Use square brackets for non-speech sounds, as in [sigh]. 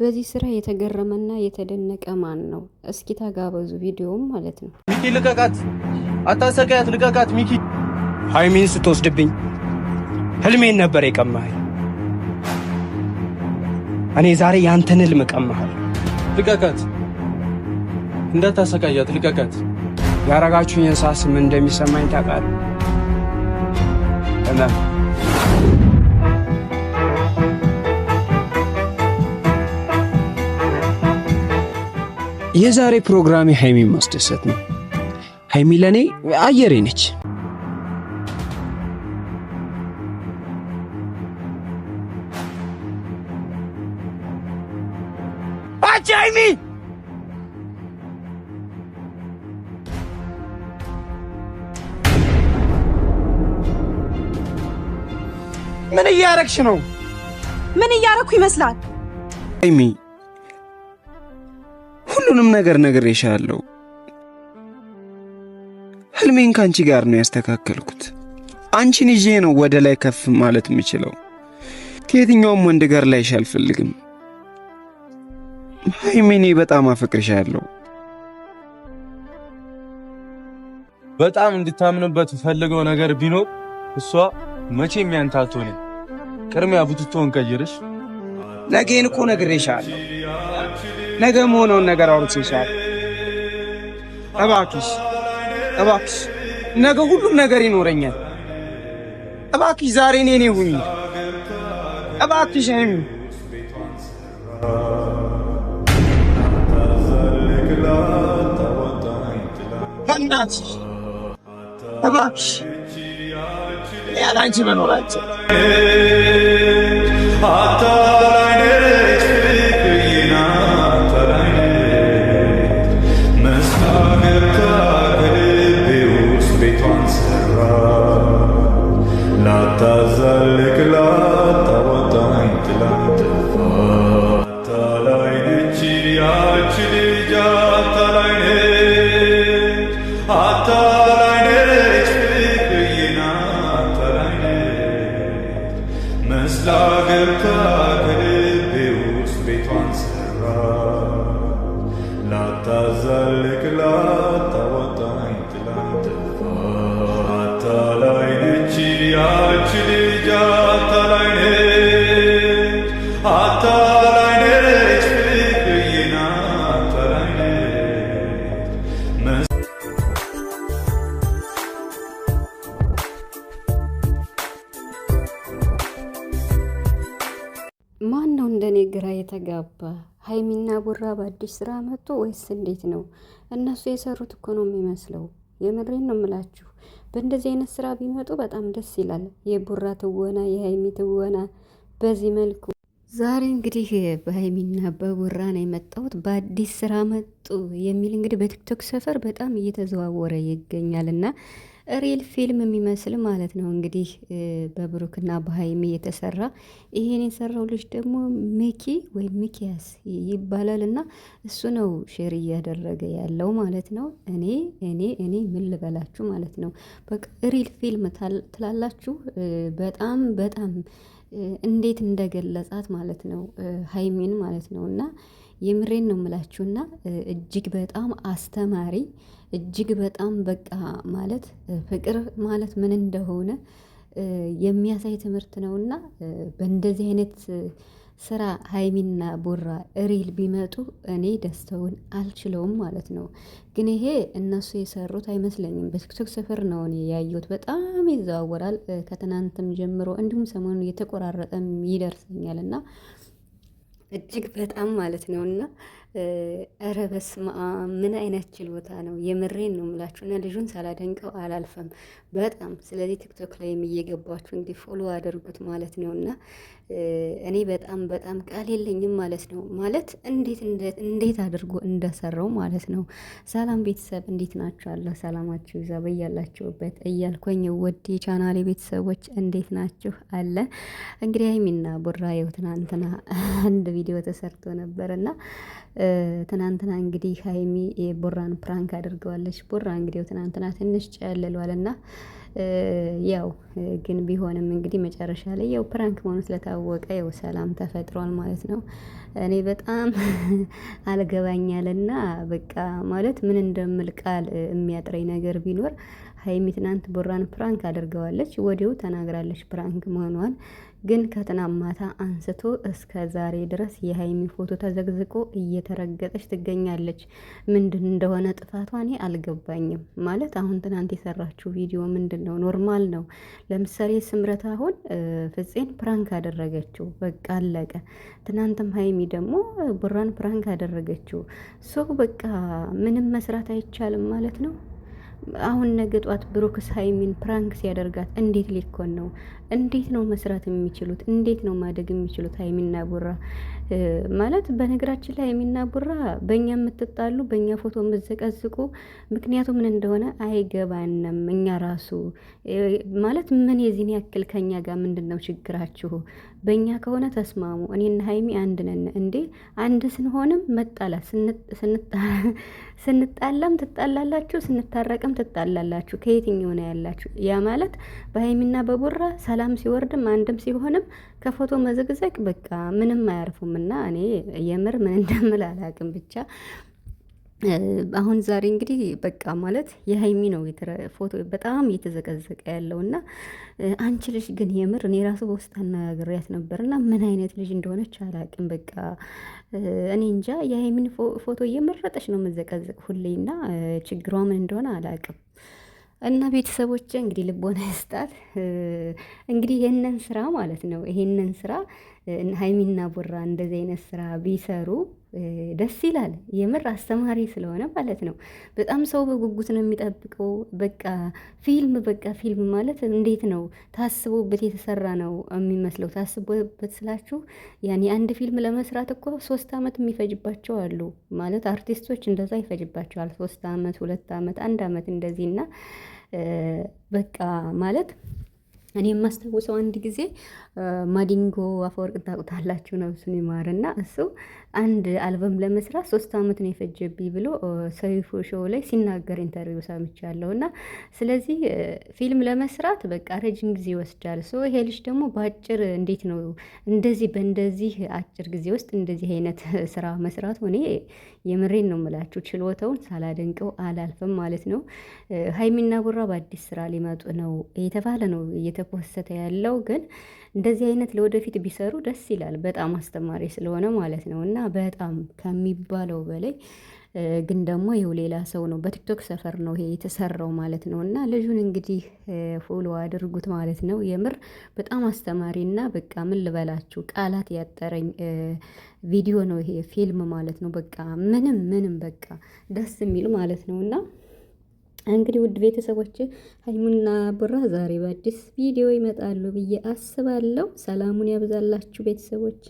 በዚህ ስራ የተገረመና የተደነቀ ማን ነው? እስኪ ተጋበዙ። ቪዲዮም ማለት ነው። ሚኪ ልቀቃት፣ አታሰቃያት፣ ልቀቃት። ሚኪ ሀይሚን ስትወስድብኝ ህልሜን ነበር የቀማህ። እኔ ዛሬ ያንተን ህልም ቀማሃል። ልቀቃት፣ እንዳታሰቃያት፣ ልቀቃት። ያረጋችሁኝ የእንስሳ ስም እንደሚሰማኝ ታውቃለህ። የዛሬ ፕሮግራም ሀይሚ ማስደሰት ነው። ሀይሚ ለእኔ አየሬ ነች። አቺ ሀይሚ ምን እያረግሽ ነው? ምን እያረግኩ ይመስላል ሀይሚ ሁሉንም ነገር ነግሬሻለሁ። ህልሜን ከአንቺ ጋር ነው ያስተካከልኩት። አንቺን ይዤ ነው ወደ ላይ ከፍ ማለት የምችለው። ከየትኛውም ወንድ ጋር ላይሽ አልፈልግም። ሀይሜኔ በጣም አፈቅርሻለሁ። በጣም እንድታምንበት ፈልገው ነገር ቢኖር እሷ መቼ ያንተ አትሆንም። ቅድሚያ ቡትቶን ቀይርሽ። ነገን እኮ ነግሬሻለሁ ነገ መሆነውን ነገር አውርቼ ይሻል። እባክሽ እባክሽ፣ ነገ ሁሉም ነገር ይኖረኛል። እባክሽ ዛሬ እኔ እኔ ሁኚ እባክሽ ሀይሚ በእናትሽ እባክሽ ያለ አንቺ መኖራቸው Meslageta ማን ነው እንደኔ ግራ የተጋባ? ሀይሚና ቡራ በአዲስ ስራ መጡ ወይስ እንዴት ነው? እነሱ የሰሩት እኮ ነው የሚመስለው። የምሬን ነው የምላችሁ። በእንደዚህ አይነት ስራ ቢመጡ በጣም ደስ ይላል። የቡራ ትወና፣ የሀይሚ ትወና በዚህ መልኩ ዛሬ እንግዲህ በሀይሚና በቡራ ነው የመጣሁት። በአዲስ ስራ መጡ የሚል እንግዲህ በቲክቶክ ሰፈር በጣም እየተዘዋወረ ይገኛልና ሪል ፊልም የሚመስል ማለት ነው እንግዲህ በብሩክና በሀይሚ የተሰራ ይሄን የሰራው ልጅ ደግሞ ሚኪ ወይም ሚኪያስ ይባላል እና እሱ ነው ሼር እያደረገ ያለው ማለት ነው። እኔ እኔ እኔ ምን ልበላችሁ ማለት ነው በቃ ሪል ፊልም ትላላችሁ በጣም በጣም እንዴት እንደገለጻት ማለት ነው ሀይሚን ማለት ነው። እና የምሬን ነው የምላችሁና እጅግ በጣም አስተማሪ እጅግ በጣም በቃ ማለት ፍቅር ማለት ምን እንደሆነ የሚያሳይ ትምህርት ነውና በእንደዚህ አይነት ስራ ሀይሚና ቦራ ሪል ቢመጡ እኔ ደስተውን አልችለውም ማለት ነው። ግን ይሄ እነሱ የሰሩት አይመስለኝም። በቲክቶክ ስፍር ነው እኔ ያየሁት። በጣም ይዘዋወራል ከትናንትም ጀምሮ እንዲሁም ሰሞኑ የተቆራረጠም ይደርሰኛል እና እጅግ በጣም ማለት ነው እና እረ በስመ አብ ምን አይነት ችሎታ ነው! የምሬን ነው የምላችሁ። እና ልጁን ሳላደንቀው አላልፈም በጣም ስለዚህ ቲክቶክ ላይ የሚየገባችሁ እንዲህ ፎሎ አድርጉት ማለት ነው። እና እኔ በጣም በጣም ቃል የለኝም ማለት ነው። ማለት እንዴት እንዴት አድርጎ እንደሰራው ማለት ነው። ሰላም ቤተሰብ እንዴት ናችሁ? አላ ሰላማችሁ ይዛ በያላችሁበት እያልኩኝ ወዲ ቻናሌ ቤተሰቦች እንዴት ናችሁ? አለ እንግዲህ ሀይሚና ቡራ ትናንትና አንድ ቪዲዮ ተሰርቶ ነበር እና ትናንትና እንግዲህ ሀይሚ ቦራን ፕራንክ አድርገዋለች። ቦራ እንግዲህ ትናንትና ትንሽ ጨልሏልና ያው ግን ቢሆንም እንግዲህ መጨረሻ ላይ ያው ፕራንክ መሆኑ ስለታወቀ ያው ሰላም ተፈጥሯል ማለት ነው። እኔ በጣም [laughs] አልገባኛልና በቃ ማለት ምን እንደምል ቃል የሚያጥረኝ ነገር ቢኖር ሀይሚ ትናንት ቦራን ፕራንክ አድርገዋለች፣ ወዲያው ተናግራለች ፕራንክ መሆኗን ግን ከትናንት ማታ አንስቶ እስከ ዛሬ ድረስ የሀይሚ ፎቶ ተዘግዝቆ እየተረገጠች ትገኛለች። ምንድን እንደሆነ ጥፋቷ እኔ አልገባኝም። ማለት አሁን ትናንት የሰራችው ቪዲዮ ምንድን ነው? ኖርማል ነው። ለምሳሌ ስምረት አሁን ፍፄን ፕራንክ አደረገችው፣ በቃ አለቀ። ትናንትም ሀይሚ ደግሞ ቡራን ፕራንክ አደረገችው። ሶ በቃ ምንም መስራት አይቻልም ማለት ነው። አሁን ነገ ጧት ብሩክስ ሀይሚን ፕራንክ ሲያደርጋት እንዴት ሊኮን ነው? እንዴት ነው መስራት የሚችሉት? እንዴት ነው ማደግ የሚችሉት? ሀይሚና ቡራ ማለት በነገራችን ላይ ሀይሚና ቡራ በእኛ የምትጣሉ በእኛ ፎቶ የምትዘቀዝቁ ምክንያቱ ምን እንደሆነ አይገባንም። እኛ ራሱ ማለት ምን የዚህን ያክል ከኛ ጋር ምንድን ነው ችግራችሁ? በእኛ ከሆነ ተስማሙ። እኔና ሀይሚ አንድ ነን እንዴ? አንድ ስንሆንም መጣላ [laughs] ስንጣላም ትጣላላችሁ፣ ስንታረቅም ትጣላላችሁ። ከየትኛው ነው ያላችሁ? ያ ማለት በሀይሚና በቡራ ሰላም ሲወርድም አንድም ሲሆንም ከፎቶ መዘግዘግ በቃ ምንም አያርፉም። እና እኔ የምር ምን እንደምል አላውቅም ብቻ አሁን ዛሬ እንግዲህ በቃ ማለት የሀይሚ ነው ፎቶ በጣም እየተዘቀዘቀ ያለው እና አንቺ ልጅ ግን የምር እኔ ራሱ በውስጥ አነጋግሬያት ነበር እና ምን አይነት ልጅ እንደሆነች አላውቅም። በቃ እኔ እንጃ የሀይሚን ፎቶ እየመረጠች ነው መዘቀዘቅ ሁሌ እና ችግሯ ምን እንደሆነ አላውቅም። እና ቤተሰቦች እንግዲህ ልቦና ይስጣት። እንግዲህ ይህንን ስራ ማለት ነው ይህንን ስራ ሀይሚና ቡራ እንደዚህ አይነት ስራ ቢሰሩ ደስ ይላል። የምር አስተማሪ ስለሆነ ማለት ነው። በጣም ሰው በጉጉት ነው የሚጠብቀው። በቃ ፊልም በቃ ፊልም ማለት እንዴት ነው? ታስቦበት የተሰራ ነው የሚመስለው። ታስቦበት ስላችሁ ያኔ አንድ ፊልም ለመስራት እኮ ሶስት አመት የሚፈጅባቸው አሉ ማለት አርቲስቶች እንደዛ ይፈጅባቸዋል። ሶስት አመት፣ ሁለት አመት፣ አንድ አመት እንደዚህ እና በቃ ማለት እኔ የማስታውሰው አንድ ጊዜ ማዲንጎ አፈወርቅ ታውቁታላችሁ፣ ነብሱን ይማርና እሱ አንድ አልበም ለመስራት ሶስት አመት ነው የፈጀብኝ ብሎ ሰይፉ ሾው ላይ ሲናገር ኢንተርቪው ሰምቻለሁ። እና ስለዚህ ፊልም ለመስራት በቃ ረጅም ጊዜ ይወስዳል። ሶ ይሄ ልጅ ደግሞ በአጭር እንዴት ነው እንደዚህ በእንደዚህ አጭር ጊዜ ውስጥ እንደዚህ አይነት ስራ መስራቱ እኔ የምሬን ነው የምላችሁ ችሎታውን ሳላደንቀው አላልፍም ማለት ነው። ሀይሚና ቡራ በአዲስ ስራ ሊመጡ ነው የተባለ ነው እየተኮሰተ ያለው ግን እንደዚህ አይነት ለወደፊት ቢሰሩ ደስ ይላል። በጣም አስተማሪ ስለሆነ ማለት ነው እና በጣም ከሚባለው በላይ ግን ደግሞ ይኸው ሌላ ሰው ነው በቲክቶክ ሰፈር ነው ይሄ የተሰራው ማለት ነው። እና ልጁን እንግዲህ ፎሎ አድርጉት ማለት ነው። የምር በጣም አስተማሪ እና በቃ ምን ልበላችሁ ቃላት ያጠረኝ ቪዲዮ ነው ይሄ ፊልም ማለት ነው። በቃ ምንም ምንም በቃ ደስ የሚል ማለት ነው። እና እንግዲህ ውድ ቤተሰቦች ሀይሙና ቡራ ዛሬ በአዲስ ቪዲዮ ይመጣሉ ብዬ አስባለሁ። ሰላሙን ያብዛላችሁ ቤተሰቦች።